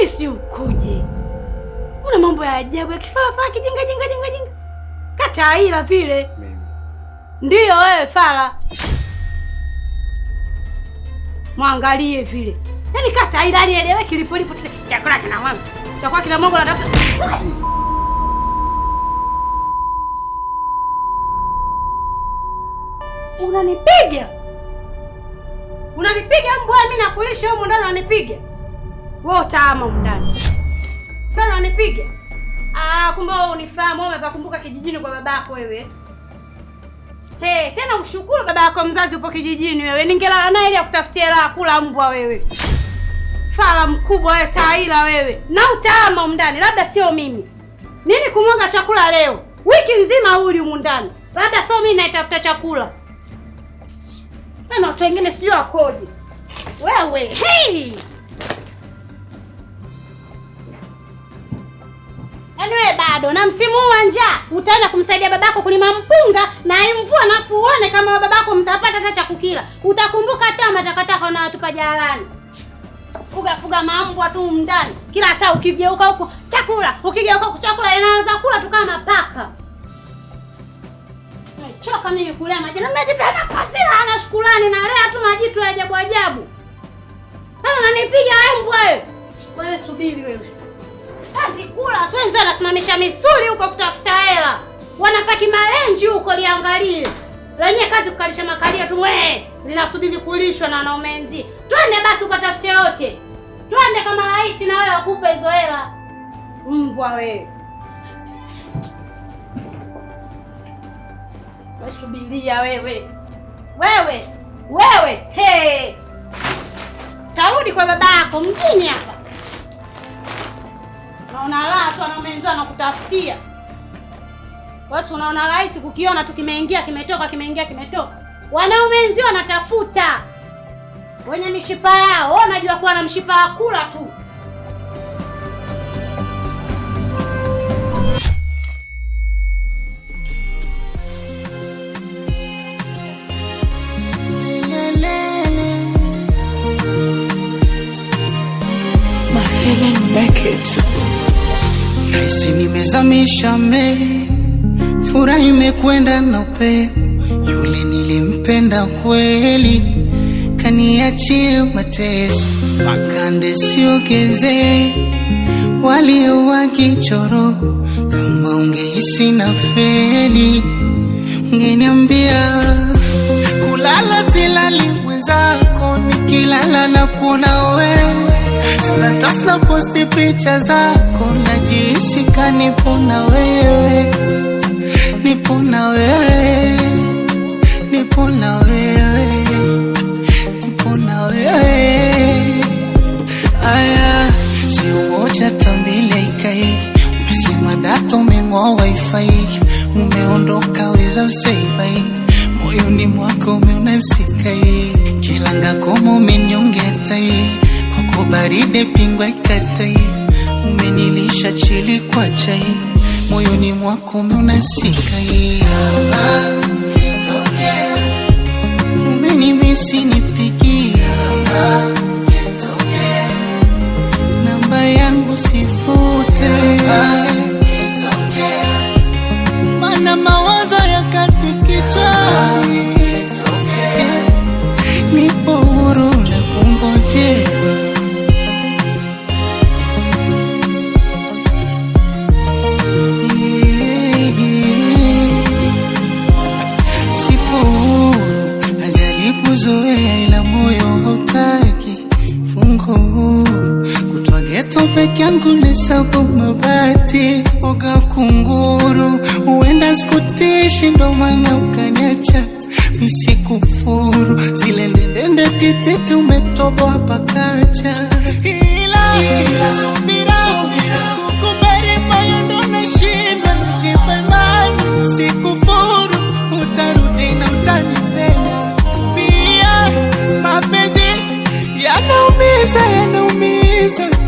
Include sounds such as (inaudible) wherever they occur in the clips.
mimi yaani sijui ukuje. Una mambo ya ajabu ya kifalafala kijinga jinga jinga jinga. Kata ila vile. Mimi. Ndio wewe fara. Mwangalie vile. Yaani kata ila alielewe kilipo lipo kile. Chakula kina mwangu. Chakula kina mwangu na dada. Unanipiga. Unanipiga mbwa mimi nakulisha huko ndani unanipiga wewe utaama ndani. Fulani anipige. Ah, kumbe wewe unifahamu, wewe umepakumbuka kijijini kwa babako wewe. He, tena ushukuru baba yako mzazi upo kijijini wewe. Ningelala naye ili akutafutie la kula mbwa wewe. Fala mkubwa wewe taila wewe. Na utaama ndani, labda sio mimi. Nini kumwaga chakula leo? Wiki nzima huli humu ndani. Labda sio mimi naitafuta chakula. Na watu wengine sijui wakoje. Wewe, hey! Yaani wewe bado na msimu huu wa njaa utaenda kumsaidia babako kulima mpunga na imvua na fuone kama babako mtapata hata cha kukila. Utakumbuka hata matakataka unawatupa jalani. Fuga fuga mambwa tu mndani. Kila saa ukigeuka huko chakula, ukigeuka huko chakula inaanza kula tu kama paka. Choka mimi kulea maji. Na maji tena kasira ana shukrani na lea tu maji tu ajabu ajabu. Ana nanipiga wewe mbwa wewe. Wewe subiri wewe kazi kula wenzi anasimamisha misuli huko kutafuta hela, wanapaki malenji huko, liangalie lenye kazi kukalisha makalia tu, we linasubiri kulishwa na wanaumenzi. Twende basi ukatafute yote, twende kama rahisi na wewe wakupe hizo hela, mbwa wewe. wasubiria wewe wewe wewe, hey, tarudi kwa babako mjini hapa unaona raha tu wanaume wenzao wanakutafutia. Wewe unaona rahisi kukiona tu kimeingia kimetoka kimeingia kimetoka. Wanaume wenzao wanatafuta wenye mishipa yao, wewe unajua kuwa na mshipa wa kula tu. Haisi nimezamisha me furaha imekwenda na upe yule nilimpenda kweli kaniachie mateso, makande siogezee walio wakichoro, kama ungehisi na feli ungeniambia kulala zilali mwenzako, nikilala na kuona wewe Status na posti picha zako, najishika nipo na wewe, nipo na wewe, nipo na wewe, nipo na wewe. Aya, si umoja tambile ikai, umesema data umeng'oa wifi, umeondoka weza usaibai, moyoni mwako umeona usikai, kilanga komo umenyongetai yako baridi pingwa ikatai, umenilisha chili kwa chai, moyoni mwako unasikia Yesu peke yangu sabu mabati oga kunguru Uenda skutishi ndo ukanyacha ukaniacha misikufuru zile ndendende titi tumetoboa pakacha ila, ila, subira, subira. kukubali mayendo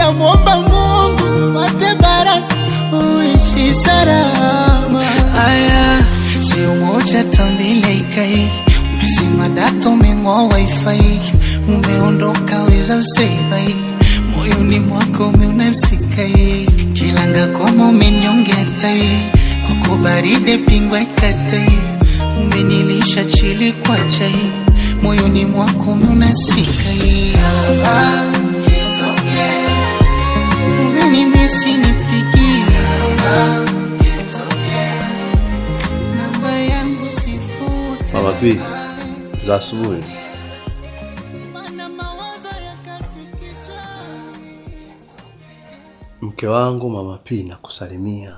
namwomba Mungu mate baraka uishi salama. Aya, sio moja tambile ikai umesima data umeng'oa wifi umeondoka weza useibai moyoni mwako umeunasikai kilanga koma umenyongea tai kwa kubaride pingwa ikatai umenilisha chili kwa chai moyoni mwako umeunasikai ah usinipigie za asubuhi. Mke wangu mama P nakusalimia.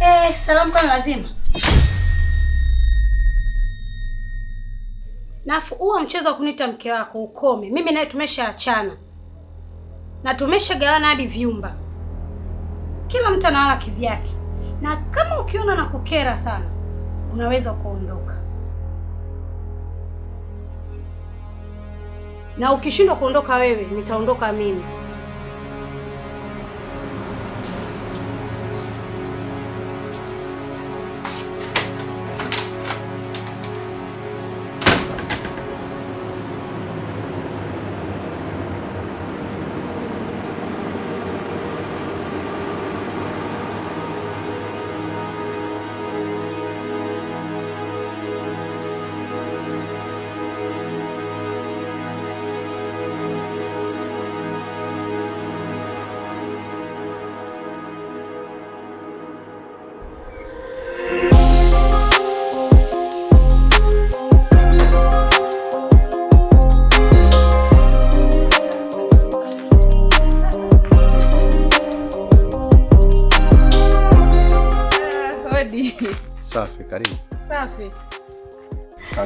Eh, salamu kwa lazima. Nafu huo mchezo wa kunita mke wako ukome. Mimi naye tumeshaachana na tumeshagawana hadi vyumba, kila mtu analala kivyake, na kama ukiona na kukera sana, unaweza kuondoka, na ukishindwa kuondoka wewe, nitaondoka mimi.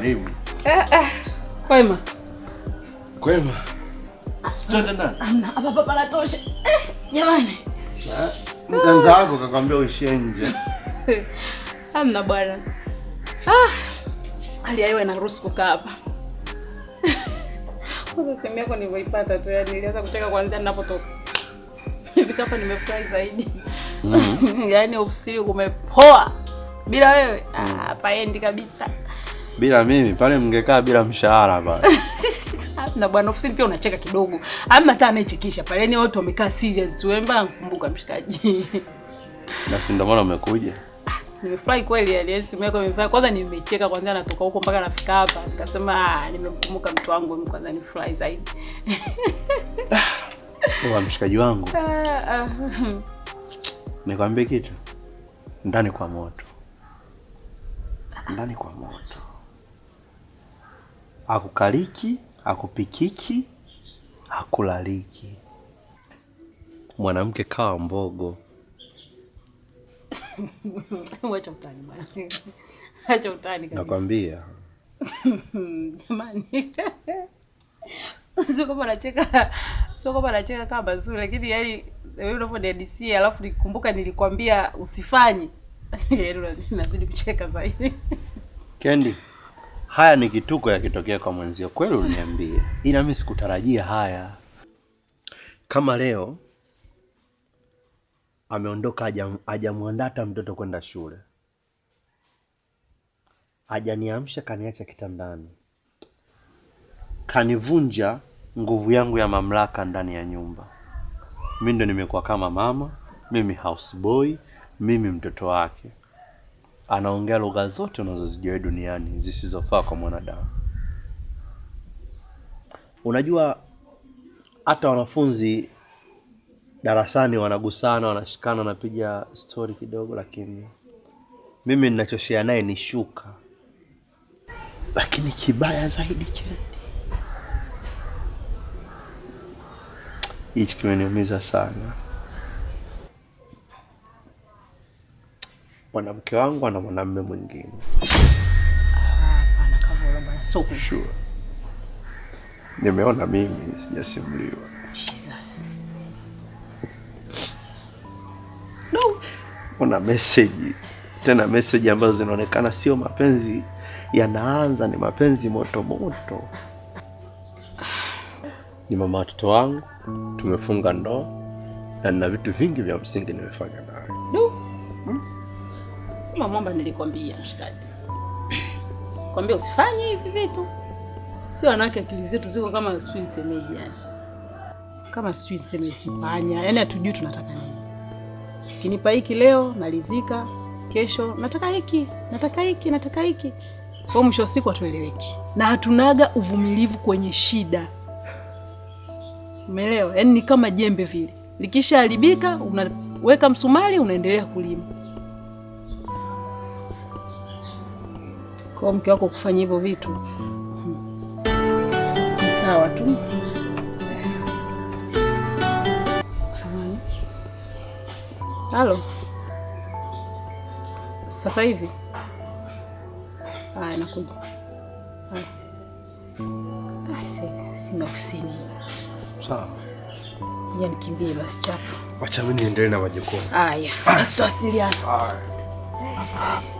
Karibu. Eh, eh. Kwema. Kwema. Twende ndani. Amna, hapa baba panatosha. Eh, jamani. Mganga wako kakwambia uishie nje. Hamna (laughs) bwana. Ah. Hali ya hewa inaruhusu kukaa hapa. (laughs) Kwanza simu yako nilivyoipata tu, yani nilianza kucheka kwanza ninapotoka. (laughs) Hivi hapa nimefurahi zaidi. Mm. Yaani ofisini kumepoa. Bila wewe, ah, paendi kabisa bila mimi pale mngekaa bila mshahara pale. (laughs) Na bwana ofisini pia unacheka kidogo. Ama hata anayechekesha pale. ni yaani watu wamekaa serious tu. Wemba nakumbuka mshikaji. (laughs) Na si ndio maana umekuja? Ah, nimefurahi kweli yani, yaani simu yako imefanya. Kwanza nimecheka kwanza natoka huko mpaka nafika hapa. Nikasema ah, nimemkumbuka mtu wangu mimi kwanza nifurahi zaidi. (laughs) Ah, wa mshikaji wangu. Nikwambie kitu. Ndani kwa moto. Ndani kwa moto akukaliki, akupikiki, akulaliki. Mwanamke kawa mbogo. (laughs) Wacha utani bwana. (laughs) Wacha utani kabisa. Nakwambia. (laughs) Jamani. Sio kama nacheka. Sio kama nacheka kama nzuri lakini yaani wewe unavyonihadisia alafu nikikumbuka nilikwambia usifanye. Yaani unazidi kucheka zaidi. Kendi. Haya ni kituko yakitokea kwa mwenzio. Kweli uniambie, ila mimi sikutarajia haya. Kama leo ameondoka, hajamwandaa hata mtoto kwenda shule, ajaniamsha kaniacha kitandani, kanivunja nguvu yangu ya mamlaka ndani ya nyumba. mi ndo nimekuwa kama mama, mimi houseboy, mimi mtoto wake anaongea lugha zote unazozijua duniani zisizofaa kwa mwanadamu. Unajua hata wanafunzi darasani wanagusana, wanashikana, wanapiga stori kidogo, lakini mimi ninachoshea naye ni shuka. Lakini kibaya zaidi cheni, hichi kimeniumiza sana. mwanamke wangu ana mwanamume mwingine. Sure. Nimeona mimi sijasimuliwa. Jesus. No. Una message tena, message ambazo zinaonekana sio mapenzi yanaanza, ni mapenzi moto moto. Ni mama watoto wangu, tumefunga ndoa na nina vitu vingi vya msingi nimefanya naye. Sema mwamba, nilikwambia mshikaji, kwambia usifanye hivi vitu, si wanawake akili zetu ziko kama sijui nisemeje, yani kama sijui nisemeje, sipanya, yani hatujui tunataka nini. Kinipa hiki leo, malizika kesho, nataka hiki, nataka hiki, nataka hiki, kwa mwisho wa siku hatueleweki na hatunaga uvumilivu kwenye shida. Umeelewa? Yani ni kama jembe vile, likishaharibika unaweka msumari, unaendelea kulima kwa mke wako kufanya hivyo vitu ni sawa tu. Samahani. Halo, sasa hivi haya, nakuja Simba Kusini. Sawa. Ngoja nikimbie basi chapa. Wacha mimi niendelee na majukumu. Haya, basi ah. tuwasiliane. Haya. Eh.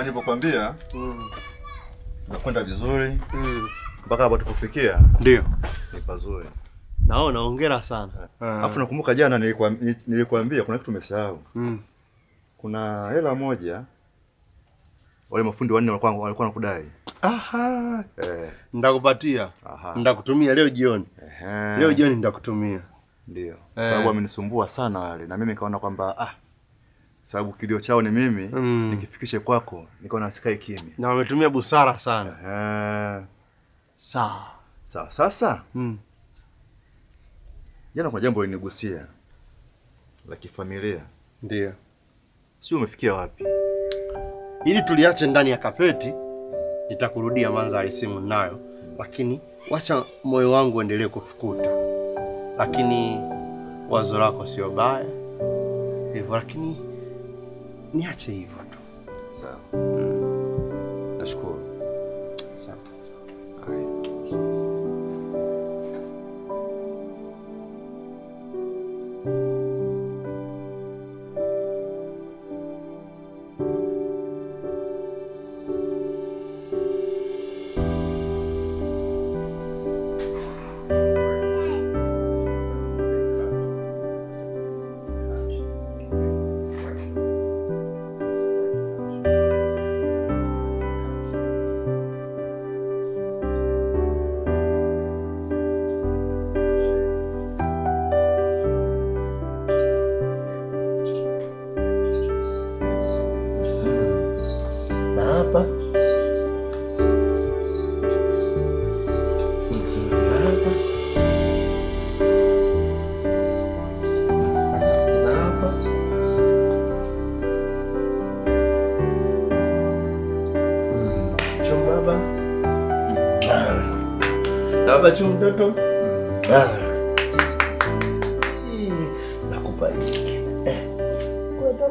kama nilivyokuambia mm. nakwenda vizuri mm. mpaka mm. hapo tukufikia ndio ni pazuri. Naona hongera sana. Eh. Alafu ah, nakumbuka jana nilikwambia, nilikuambia kuna kitu umesahau mm. kuna hela moja wale mafundi wanne walikuwa walikuwa nakudai. Aha. Eh. Ndakupatia. Ndakutumia leo jioni. Ehe. Leo jioni ndakutumia. Ndio. Eh. Sababu amenisumbua sana wale na mimi kaona kwamba ah sababu kilio chao ni mimi mm. nikifikishe kwako na sikae kimya. Na wametumia busara sana. Sawa. Sawa, sasa mm. Jana kuna jambo linigusia la kifamilia. Ndio. Sio, umefikia wapi? Ili tuliache ndani ya kapeti, nitakurudia mandhari simu nayo, lakini wacha moyo wangu endelee kufukuta. Lakini wazo lako sio baya hivyo, lakini niache hivyo tu. Sawa. Mm. Nashukuru. Sawa.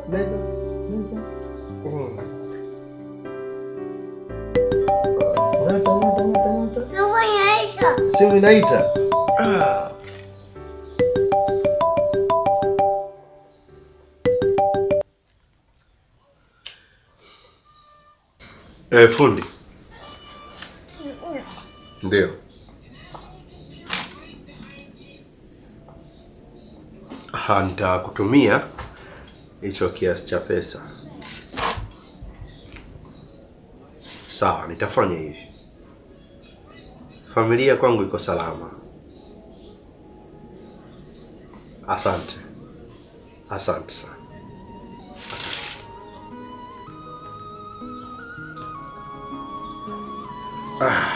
Besos. Simu inaita. Ah. Eh, fundi. Ndio. Nitakutumia hicho kiasi cha pesa. Sawa, nitafanya hivi. Familia kwangu iko salama. Asante, asante sana. Asante. Ah.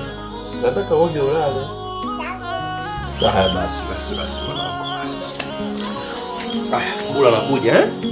Nataka uoge ulale. Haya basi basi basi mwanangu. Ah, kula nakuja eh?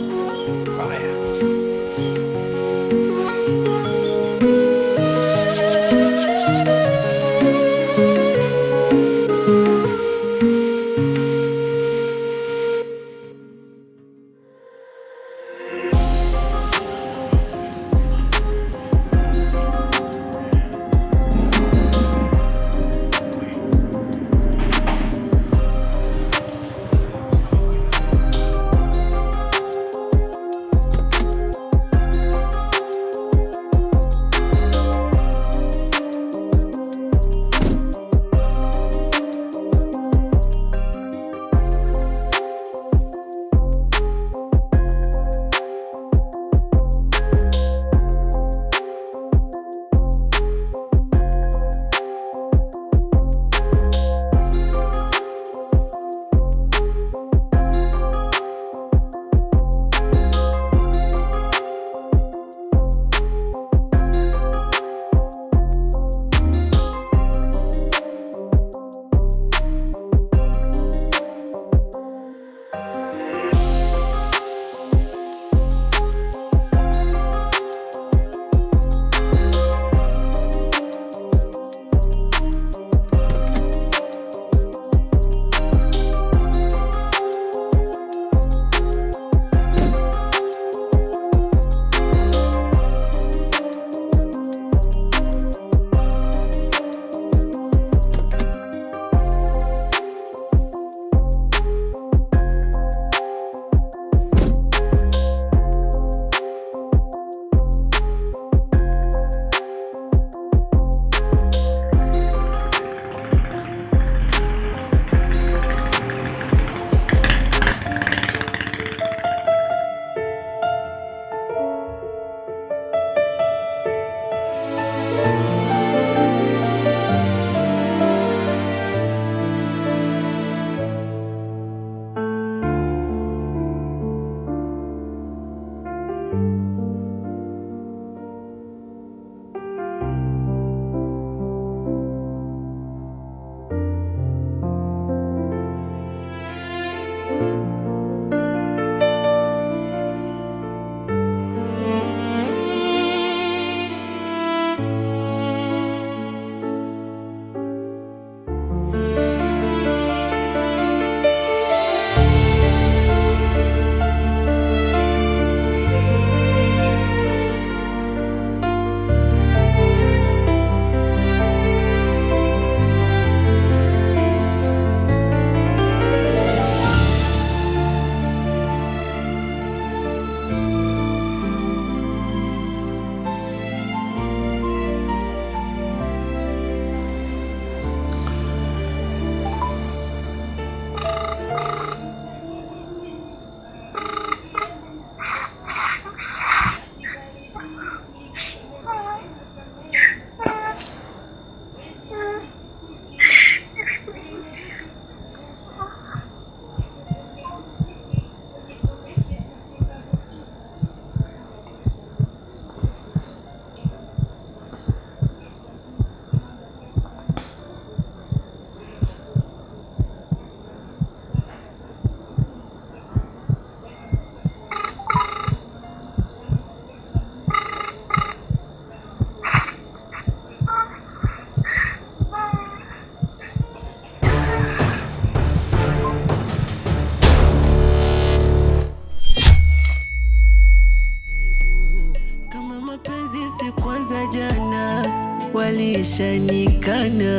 tumeshanikana,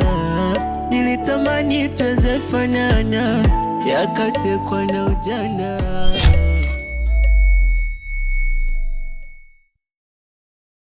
nilitamani tuweze fanana, yakatekwa na ujana